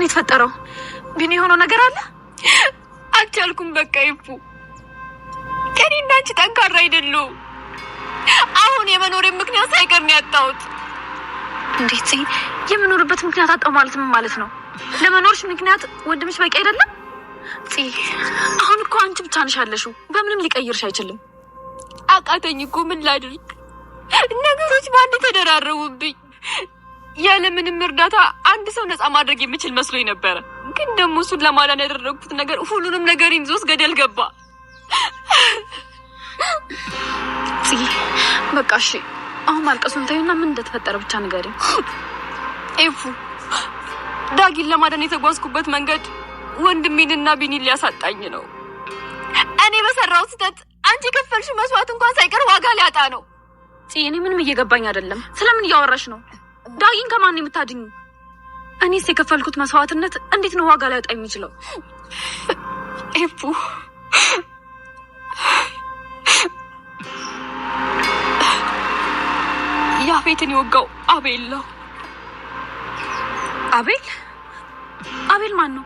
ነው የተፈጠረው? ቢኒ የሆነው ነገር አለ። አልቻልኩም። በቃ ይፉ ቀኔ እንዳንቺ ጠንካራ አይደሉም። አሁን የመኖሪ ምክንያት ሳይቀር ነው ያጣሁት። እንዴት የምኖርበት ምክንያት አጣው ማለት ምን ማለት ነው? ለመኖርሽ ምክንያት ወንድምሽ በቂ አይደለም። አሁን እኮ አንቺ ብቻ ነሽ ያለሽው፣ በምንም ሊቀይርሽ አይችልም። አቃተኝ እኮ ምን ላድርግ? ነገሮች በአንድ ተደራረቡብኝ። ያለምንም እርዳታ አንድ ሰው ነፃ ማድረግ የሚችል መስሎኝ ነበረ። ግን ደግሞ እሱን ለማዳን ያደረግኩት ነገር ሁሉንም ነገር ይዞ ገደል ገባ። በቃ እሺ፣ አሁን ማልቀሱን ታዩና ምን እንደተፈጠረ ብቻ ንገሪኝ። ኤፉ፣ ዳጊን ለማዳን የተጓዝኩበት መንገድ ወንድሜንና ቢኒን ሊያሳጣኝ ነው። እኔ በሰራው ስህተት አንቺ የከፈልሽው መስዋዕት እንኳን ሳይቀር ዋጋ ሊያጣ ነው። ጽ እኔ ምንም እየገባኝ አይደለም። ስለምን እያወራሽ ነው? ዳጊን ከማን ነው የምታድኙ? እኔስ የከፈልኩት መስዋዕትነት እንዴት ነው ዋጋ ሊያጣ የሚችለው? ኤቡ ያፌትን የወጋው አቤል ነው። አቤል አቤል ማን ነው?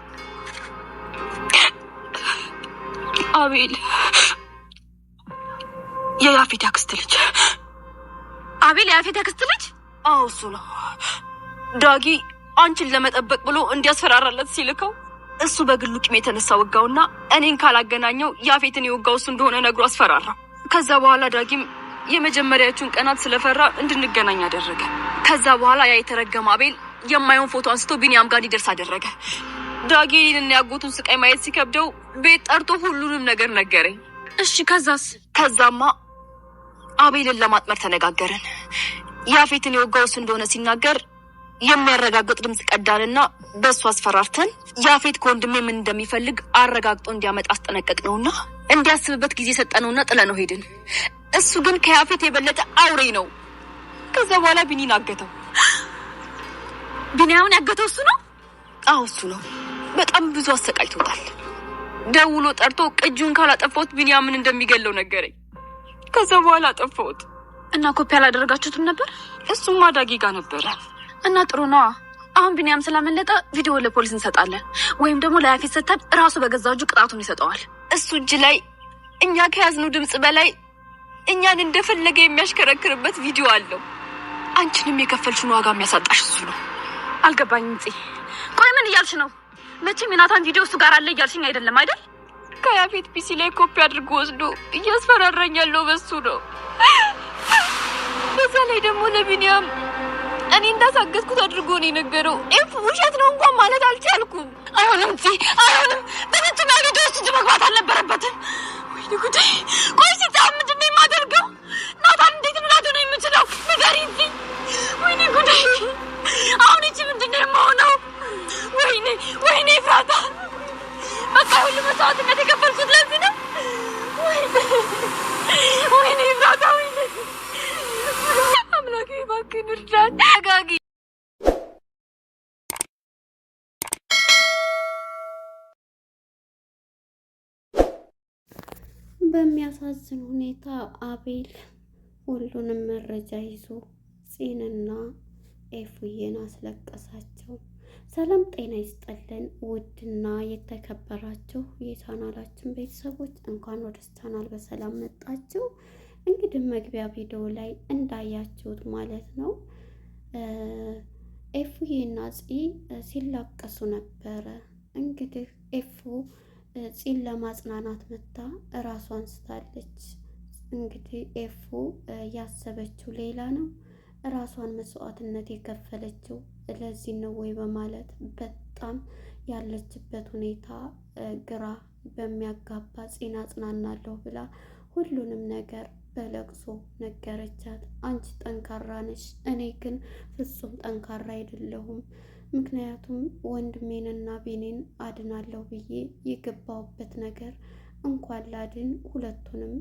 አቤል የያፌት ያክስት ልጅ። አቤል የያፌት ያክስት ልጅ አዎ እሱ ነው ዳጊ። አንቺን ለመጠበቅ ብሎ እንዲያስፈራራለት ሲልከው እሱ በግሉ ቂም የተነሳ ወጋውና እኔን ካላገናኘው ያፌትን የወጋው እሱ እንደሆነ ነግሮ አስፈራራ። ከዛ በኋላ ዳጊም የመጀመሪያዎቹን ቀናት ስለፈራ እንድንገናኝ አደረገ። ከዛ በኋላ ያ የተረገመ አቤል የማይሆን ፎቶ አንስቶ ቢኒያም ጋር እንዲደርስ አደረገ። ዳጊ እኔንና ያጎቱን ስቃይ ማየት ሲከብደው ቤት ጠርቶ ሁሉንም ነገር ነገረኝ። እሺ ከዛስ? ከዛማ አቤልን ለማጥመር ተነጋገርን። ያፌትን የወጋው እሱ እንደሆነ ሲናገር የሚያረጋግጥ ድምፅ ቀዳንና በእሱ አስፈራርተን ያፌት ከወንድሜ ምን እንደሚፈልግ አረጋግጦ እንዲያመጣ አስጠነቀቅ ነውና እንዲያስብበት ጊዜ ሰጠነውና ጥለ ነው ሄድን። እሱ ግን ከያፌት የበለጠ አውሬ ነው። ከዛ በኋላ ቢኒን አገተው። ቢኒያውን ያገተው እሱ ነው? አዎ እሱ ነው። በጣም ብዙ አሰቃይቶታል። ደውሎ ጠርቶ ቅጁን ካላጠፋሁት ቢኒያምን እንደሚገለው ነገረኝ። ከዛ በኋላ አጠፋሁት። እና ኮፒ አላደረጋችሁትም ነበር? እሱም ማዳጊ ጋር ነበረ እና ጥሩ ነዋ። አሁን ቢኒያም ስላመለጠ ቪዲዮ ለፖሊስ እንሰጣለን፣ ወይም ደግሞ ለያፌት ሰተን እራሱ በገዛ እጁ ቅጣቱን ይሰጠዋል። እሱ እጅ ላይ እኛ ከያዝኑ ድምፅ በላይ እኛን እንደፈለገ የሚያሽከረክርበት ቪዲዮ አለው። አንቺንም የከፈልሽውን ዋጋ የሚያሳጣሽ እሱ ነው። አልገባኝም ጽ ቆይ ምን እያልሽ ነው? መቼም የናታን ቪዲዮ እሱ ጋር አለ እያልሽኝ አይደለም አይደል? ከያፌት ፒሲ ላይ ኮፒ አድርጎ ወስዶ እያስፈራራኛለሁ በሱ ነው በዛ ላይ ደግሞ ለቢኒያም እኔ እንዳሳገዝኩት አድርጎ ነው የነገረው። ኤፍ ውሸት ነው እንኳን ማለት አልቻልኩም። አይሆንም ቲ አይሆንም። በፍጹም ያቤት ውስጥ መግባት አልነበረበትም። ወይኔ ጉዴ! ቆይ ሲጣም ምንድን ነው የማደርገው? ናታን እንዴት ምላቱ ነው የምችለው? ንገሪ ቲ። ወይኔ ጉዴ! አሁን ይቺ ምንድን ነው የማሆነው? ወይኔ ወይኔ! ፍራታ በቃ ሁሉ መስዋዕትነት የከፈልኩት ለዚህ ነው። ወይኔ እባክህን እርዳት። ተጋጊ በሚያሳዝን ሁኔታ አቤል ሁሉንም መረጃ ይዞ ፂንና ኤፉዬን አስለቀሳቸው። ሰላም ጤና ይስጠልን። ውድና የተከበራችሁ የቻናላችን ቤተሰቦች እንኳን ወደ ቻናል በሰላም መጣችሁ። እንግዲህ መግቢያ ቪዲዮ ላይ እንዳያችሁት ማለት ነው ኤፉዬና ፂ ሲላቀሱ ነበረ። እንግዲህ ኤፉ ፂን ለማጽናናት መታ እራሷን አንስታለች። እንግዲህ ኤፉ ያሰበችው ሌላ ነው። እራሷን መስዋዕትነት የከፈለችው ለዚህ ነው ወይ በማለት በጣም ያለችበት ሁኔታ ግራ በሚያጋባ ፂን አጽናናለሁ ብላ ሁሉንም ነገር በለቅሶ ነገረቻት። አንቺ ጠንካራ ነሽ፣ እኔ ግን ፍጹም ጠንካራ አይደለሁም። ምክንያቱም ወንድሜንና ቤኔን አድናለሁ ብዬ የገባሁበት ነገር እንኳን ላድን ሁለቱንም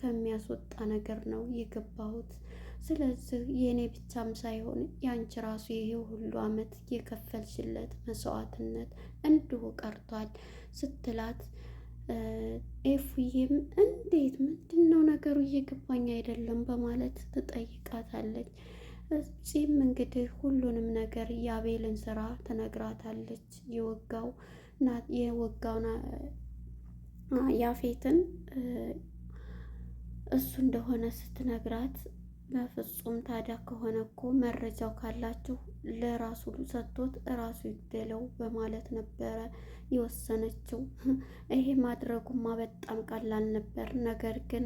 ከሚያስወጣ ነገር ነው የገባሁት። ስለዚህ የእኔ ብቻም ሳይሆን የአንቺ ራሱ ይሄ ሁሉ ዓመት የከፈልሽለት መስዋዕትነት እንዲሁ ቀርቷል ስትላት ኤፉዬም እንዴት ምንድን ነው ነገሩ እየገባኝ አይደለም በማለት ትጠይቃታለች። እዚህም እንግዲህ ሁሉንም ነገር የአቤልን ስራ ትነግራታለች። የወጋው የወጋው ያፌትን እሱ እንደሆነ ስትነግራት በፍጹም ታዲያ ከሆነ እኮ መረጃው ካላችሁ ለራሱ ሰጥቶት እራሱ ይገለው በማለት ነበረ የወሰነችው። ይሄ ማድረጉማ በጣም ቀላል ነበር። ነገር ግን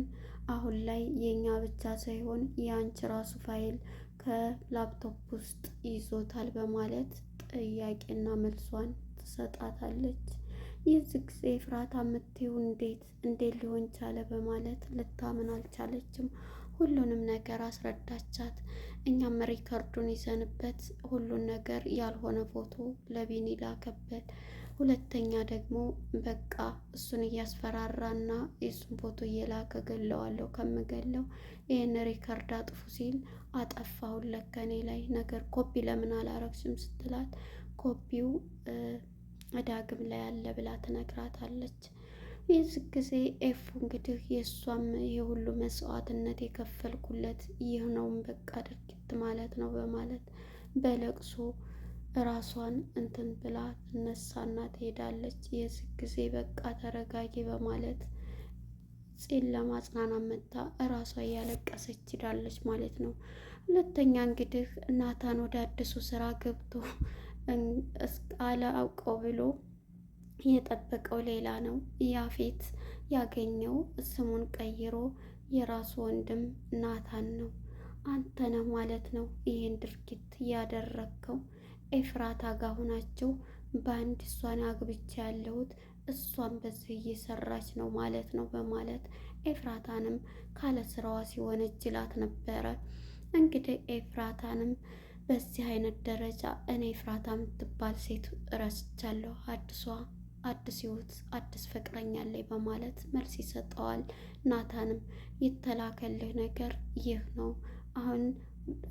አሁን ላይ የእኛ ብቻ ሳይሆን የአንቺ ራሱ ፋይል ከላፕቶፕ ውስጥ ይዞታል በማለት ጥያቄና መልሷን ትሰጣታለች። የዚህ ጊዜ ኤፍራታ የምትይው እንዴት እንዴት ሊሆን ቻለ በማለት ልታምን አልቻለችም። ሁሉንም ነገር አስረዳቻት። እኛም ሪከርዱን ይዘንበት ሁሉን ነገር ያልሆነ ፎቶ ለቢኒ ላከበት። ሁለተኛ ደግሞ በቃ እሱን እያስፈራራና የእሱን ፎቶ እየላከ ገለዋለሁ ከምገለው ይህን ሪከርድ አጥፉ ሲል አጠፋሁን ለከኔ ላይ ነገር ኮፒ ለምን አላረግሽም ስትላት ኮፒው ዳግም ላይ አለ ብላ ትነግራታለች። ይህ ጊዜ ኤፉ እንግዲህ የእሷም የሁሉ መስዋዕትነት የከፈልኩለት ይህ ነውም በቃ ድርጊት ማለት ነው በማለት በለቅሶ ራሷን እንትን ብላ ትነሳና ትሄዳለች። የዚህ ጊዜ በቃ ተረጋጊ በማለት ፂን ለማጽናና መታ እራሷ እያለቀሰች ሄዳለች ማለት ነው። ሁለተኛ እንግዲህ ናታን ወደ አዲሱ ስራ ገብቶ አውቀው ብሎ የጠበቀው ሌላ ነው። ያፌት ያገኘው ስሙን ቀይሮ የራሱ ወንድም ናታን ነው። አንተ ነህ ማለት ነው ይህን ድርጊት ያደረግከው። ኤፍራታ ጋር ሆናችሁ በአንድ እሷን አግብቻ ያለሁት እሷን በዚህ እየሰራች ነው ማለት ነው በማለት ኤፍራታንም ካለ ስራዋ እጅላት ነበረ። እንግዲህ ኤፍራታንም በዚህ አይነት ደረጃ እኔ ኤፍራታ የምትባል ሴት እረስቻለሁ አዲሷ አዲስ ህይወት አዲስ ፍቅረኛ ላይ በማለት መልስ ይሰጠዋል። ናታንም የተላከልህ ነገር ይህ ነው። አሁን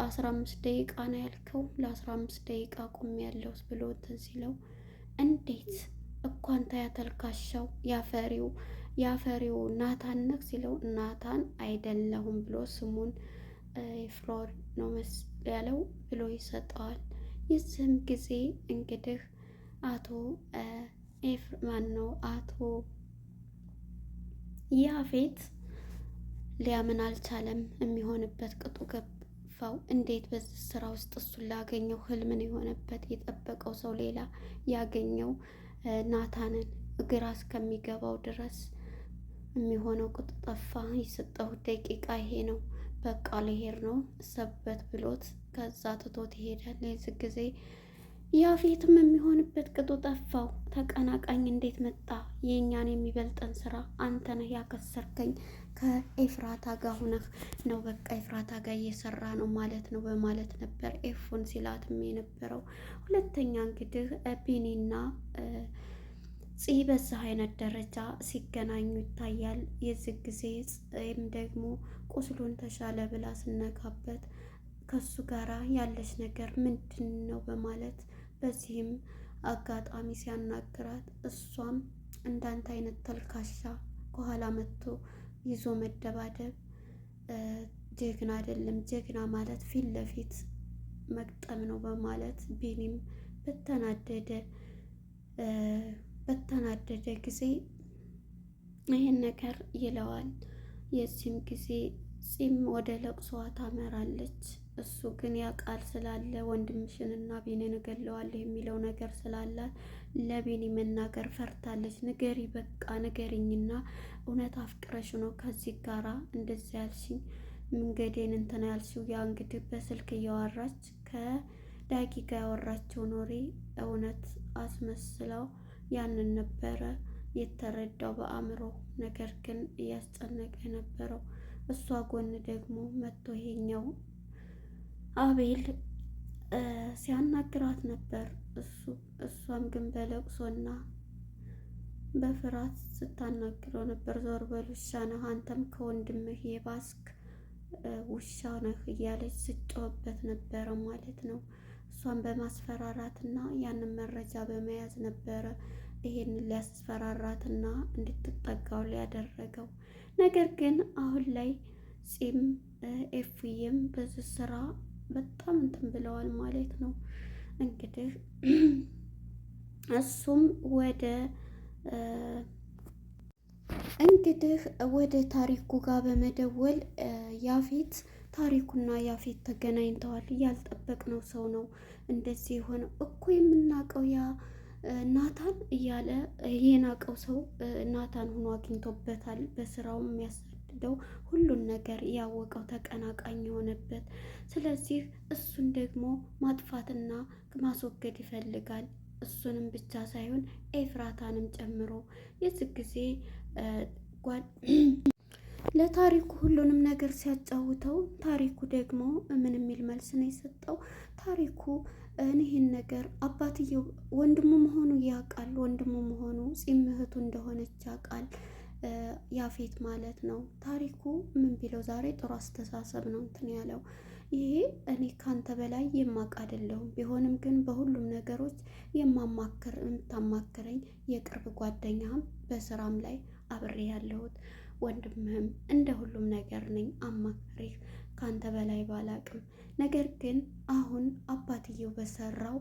አስራ አምስት ደቂቃ ነው ያልከው፣ ለአስራ አምስት ደቂቃ ቁም ያለው ብሎ እንትን ሲለው እንዴት እኳንታ ያተልካሻው ያፈሪው ያፈሪው ናታን ነህ ሲለው ናታን አይደለሁም ብሎ ስሙን ፍሎር ነው መስ ያለው ብሎ ይሰጠዋል። የዚህም ጊዜ እንግዲህ አቶ ኤፍ ማን ነው አቶ ያፌት ሊያምን አልቻለም። የሚሆንበት ቅጡ ገፋው። እንዴት በዚህ ስራ ውስጥ እሱን ላገኘው ህልምን የሆነበት የጠበቀው ሰው ሌላ ያገኘው ናታንን ግራ እስከሚገባው ድረስ የሚሆነው ቅጡ ጠፋ። የሰጠው ደቂቃ ይሄ ነው በቃ ልሄድ ነው ሰበት ብሎት ከዛ ትቶት ይሄዳል። የዚህ ጊዜ ያፌትም የሚሆንበት ቅጡ ጠፋው። ተቀናቃኝ እንዴት መጣ? የእኛን የሚበልጠን ስራ አንተ ነህ ያከሰርከኝ። ከኤፍራታ ጋር ሁነህ ነው በቃ ኤፍራታ ጋር እየሰራ ነው ማለት ነው በማለት ነበር ኤፉን ሲላትም የነበረው። ሁለተኛ እንግዲህ ቢኒና ፂ በዛህ አይነት ደረጃ ሲገናኙ ይታያል። የዚህ ጊዜ ወይም ደግሞ ቁስሉን ተሻለ ብላ ስነካበት ከሱ ጋራ ያለች ነገር ምንድን ነው በማለት በዚህም አጋጣሚ ሲያናግራት እሷም እንዳንተ አይነት ተልካሻ ከኋላ መጥቶ ይዞ መደባደብ ጀግና አይደለም፣ ጀግና ማለት ፊት ለፊት መቅጠም ነው በማለት ቢኒም በተናደደ በተናደደ ጊዜ ይህን ነገር ይለዋል። የዚህም ጊዜ ፂም ወደ ለቅሶዋ ታመራለች። እሱ ግን ያ ቃል ስላለ ወንድምሽን እና ቤኔን እገለዋለሁ የሚለው ነገር ስላለ ለቤኒ መናገር ፈርታለች። ንገሪ በቃ ንገሪኝና እውነት አፍቅረሽ ነው ከዚህ ጋራ እንደዚያ ያልሽኝ መንገዴን እንትን ያልሽው። ያ እንግዲህ በስልክ እያወራች ከዳጊ ጋር ያወራችው ኖሬ እውነት አስመስለው ያንን ነበረ የተረዳው በአእምሮ ነገር ግን እያስጨነቀ የነበረው እሷ ጎን ደግሞ መጥቶ ይሄኛው አቤል ሲያናግራት ነበር። እሷም ግን በለቅሶና በፍርሃት ስታናግረው ነበር። ዞር በል ውሻ ነህ አንተም ከወንድምህ የባስክ ውሻ ነህ እያለች ስጮህበት ነበረ ማለት ነው። እሷን በማስፈራራትና ያንን መረጃ በመያዝ ነበረ ይሄን ሊያስፈራራትና እንድትጠጋው ሊያደረገው። ነገር ግን አሁን ላይ ጺም ኤፍዬም ብዙ ስራ በጣም እንትን ብለዋል ማለት ነው። እንግዲህ እሱም ወደ እንግዲህ ወደ ታሪኩ ጋር በመደወል ያፌት ታሪኩና ያፌት ተገናኝተዋል። ያልጠበቅነው ሰው ነው እንደዚህ የሆነው እኮ የምናውቀው ያ ናታን እያለ የናቀው ሰው ናታን ሆኖ አግኝቶበታል። በስራውም እንደው ሁሉን ነገር ያወቀው ተቀናቃኝ የሆነበት። ስለዚህ እሱን ደግሞ ማጥፋትና ማስወገድ ይፈልጋል። እሱንም ብቻ ሳይሆን ኤፍራታንም ጨምሮ የዚህ ጊዜ ለታሪኩ ሁሉንም ነገር ሲያጫውተው ታሪኩ ደግሞ ምን የሚል መልስ ነው የሰጠው? ታሪኩ ይህን ነገር አባትየው ወንድሙ መሆኑ ያውቃል። ወንድሙ መሆኑ ፂም እህቱ እንደሆነች ያውቃል። ያፌት ማለት ነው። ታሪኩ ምን ቢለው ዛሬ ጥሩ አስተሳሰብ ነው እንትን ያለው ይሄ እኔ ካንተ በላይ የማቅ አይደለሁም። ቢሆንም ግን በሁሉም ነገሮች የማማክር የምታማክረኝ የቅርብ ጓደኛህም በስራም ላይ አብሬ ያለሁት ወንድምህም እንደ ሁሉም ነገር ነኝ። አማክሬህ ካንተ በላይ ባላቅም፣ ነገር ግን አሁን አባትየው በሰራው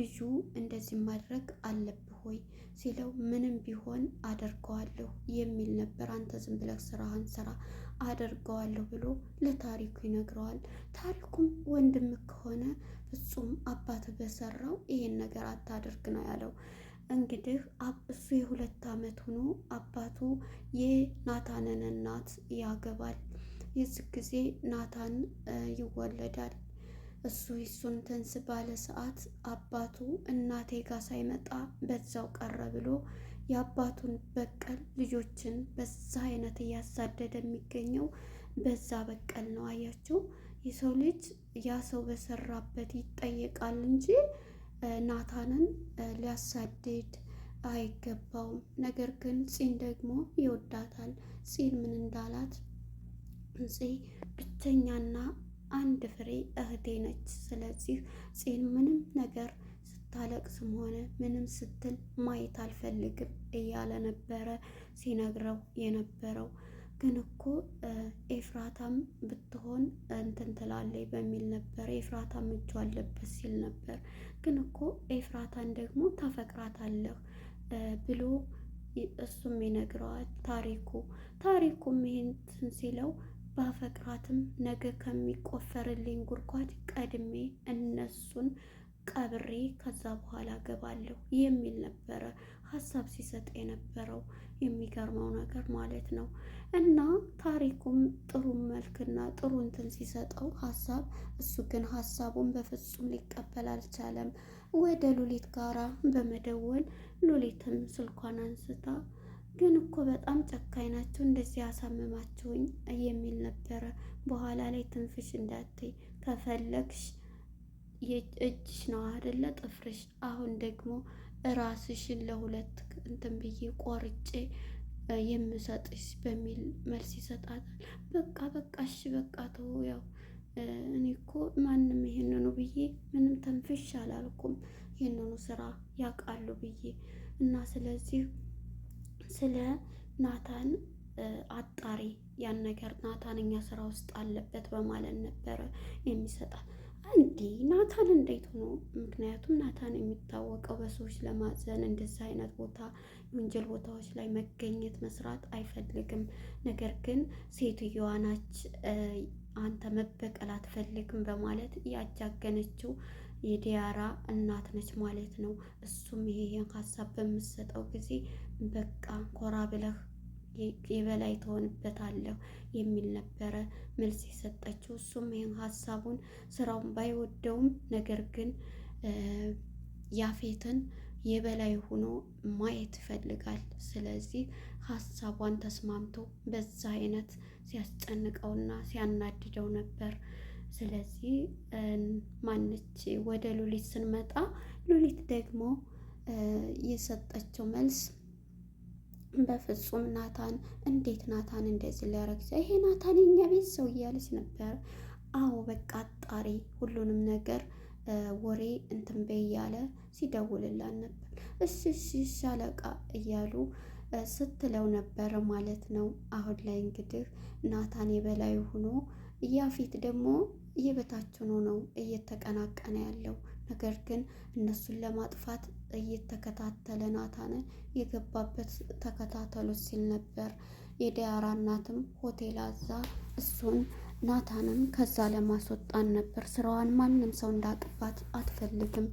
ልጁ እንደዚህ ማድረግ አለበት ሆይ ሲለው ምንም ቢሆን አደርገዋለሁ የሚል ነበር። አንተ ዝም ብለህ ስራህን ስራ አደርገዋለሁ ብሎ ለታሪኩ ይነግረዋል። ታሪኩም ወንድም ከሆነ ፍጹም አባት በሰራው ይሄን ነገር አታደርግ ነው ያለው። እንግዲህ እሱ የሁለት ዓመት ሆኖ አባቱ የናታንን እናት ያገባል። የዚህ ጊዜ ናታን ይወለዳል። እሱ ይሱን ትንስ ባለ ሰዓት አባቱ እናቴ ጋ ሳይመጣ በዛው ቀረ ብሎ የአባቱን በቀል ልጆችን በዛ አይነት እያሳደደ የሚገኘው በዛ በቀል ነው። አያችሁ፣ የሰው ልጅ ያ ሰው በሰራበት ይጠየቃል እንጂ ናታንን ሊያሳድድ አይገባውም። ነገር ግን ፂን ደግሞ ይወዳታል። ፂን ምን እንዳላት ፂ ብቸኛና አንድ ፍሬ እህቴ ነች። ስለዚህ ጽን ምንም ነገር ስታለቅስም ሆነ ምንም ስትል ማየት አልፈልግም እያለ ነበረ ሲነግረው የነበረው። ግን እኮ ኤፍራታም ብትሆን እንትን ትላለች በሚል ነበር ኤፍራታም እጁ አለበት ሲል ነበር። ግን እኮ ኤፍራታን ደግሞ ታፈቅራታለህ ብሎ እሱም ይነግረዋል ታሪኩ ታሪኩም ይሄን ሲለው ባፈቅራትም ነገ ከሚቆፈርልኝ ጉድጓድ ቀድሜ እነሱን ቀብሬ ከዛ በኋላ ገባለሁ የሚል ነበረ ሀሳብ ሲሰጥ የነበረው። የሚገርመው ነገር ማለት ነው። እና ታሪኩም ጥሩ መልክና ጥሩ እንትን ሲሰጠው ሀሳብ እሱ ግን ሀሳቡን በፍጹም ሊቀበል አልቻለም። ወደ ሉሊት ጋራ በመደወል ሉሊትም ስልኳን አንስታ ግን እኮ በጣም ጨካኝ ናችሁ፣ እንደዚህ ያሳምማቸውኝ የሚል ነበረ። በኋላ ላይ ትንፍሽ እንዳትይ ከፈለግሽ እጅሽ ነው አደለ ጥፍርሽ። አሁን ደግሞ ራስሽን ለሁለት እንትን ብዬ ቆርጬ የምሰጥሽ በሚል መልስ ይሰጣታል። በቃ በቃ እሺ በቃ ተው ያው እኔ እኮ ማንም ይህንኑ ብዬ ምንም ተንፍሽ አላልኩም። ይህንኑ ስራ ያውቃሉ ብዬ እና ስለዚህ ስለ ናታን አጣሪ ያን ነገር ናታን እኛ ስራ ውስጥ አለበት በማለት ነበረ የሚሰጣት። አንዲ ናታን እንዴት ሆኖ? ምክንያቱም ናታን የሚታወቀው በሰዎች ለማዘን እንደዚህ አይነት ቦታ ወንጀል ቦታዎች ላይ መገኘት መስራት አይፈልግም። ነገር ግን ሴትዮዋ ናች አንተ መበቀል አትፈልግም በማለት ያጃገነችው የዲያራ እናት ነች ማለት ነው። እሱም ይሄን ሀሳብ በምሰጠው ጊዜ በቃ ኮራ ብለህ የበላይ ትሆንበታለህ የሚል ነበረ መልስ የሰጠችው። እሱም ይህን ሀሳቡን ስራውን ባይወደውም ነገር ግን ያፌትን የበላይ ሆኖ ማየት ይፈልጋል። ስለዚህ ሀሳቧን ተስማምቶ በዛ አይነት ሲያስጨንቀውና ሲያናድደው ነበር። ስለዚህ ማነች ወደ ሉሊት ስንመጣ ሉሊት ደግሞ የሰጠችው መልስ በፍጹም ናታን እንዴት ናታን እንደዚህ ሊያረግ ይሄ ናታን የኛ ቤት ሰው እያለች ነበር። አዎ በቃ አጣሪ ሁሉንም ነገር ወሬ እንትን በይ እያለ ሲደውልላን ነበር። እሺ እሺ እሺ አለቃ እያሉ ስትለው ነበር ማለት ነው። አሁን ላይ እንግዲህ ናታን የበላይ ሆኖ ያፊት ደግሞ የበታችን ሆነው እየተቀናቀነ ያለው ነገር ግን እነሱን ለማጥፋት እየተከታተለ ናታንን የገባበት ተከታተሉት ሲል ነበር። የዲያራ እናትም ሆቴል አዛ እሱን ናታንን ከዛ ለማስወጣን ነበር ስራዋን። ማንም ሰው እንዳቅባት አትፈልግም።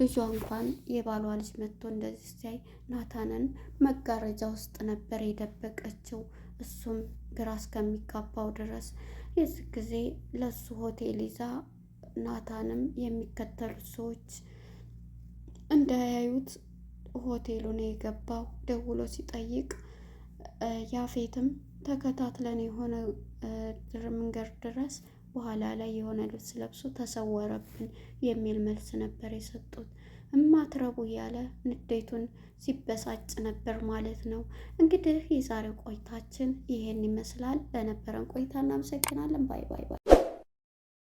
ልጇ እንኳን የባሏ ልጅ መጥቶ እንደዚህ ሲያይ ናታንን መጋረጃ ውስጥ ነበር የደበቀችው። እሱም ግራ እስከሚጋባው ድረስ የዚህ ጊዜ ለሱ ሆቴል ይዛ ናታንም የሚከተሉት ሰዎች እንዳያዩት ሆቴሉን የገባው ደውሎ ሲጠይቅ ያፌትም ተከታትለን የሆነ መንገድ ድረስ በኋላ ላይ የሆነ ልብስ ለብሶ ተሰወረብን የሚል መልስ ነበር የሰጡት። እማትረቡ እያለ ንዴቱን ሲበሳጭ ነበር ማለት ነው። እንግዲህ የዛሬው ቆይታችን ይሄን ይመስላል። ለነበረን ቆይታ እናመሰግናለን። ባይ ባይ ባይ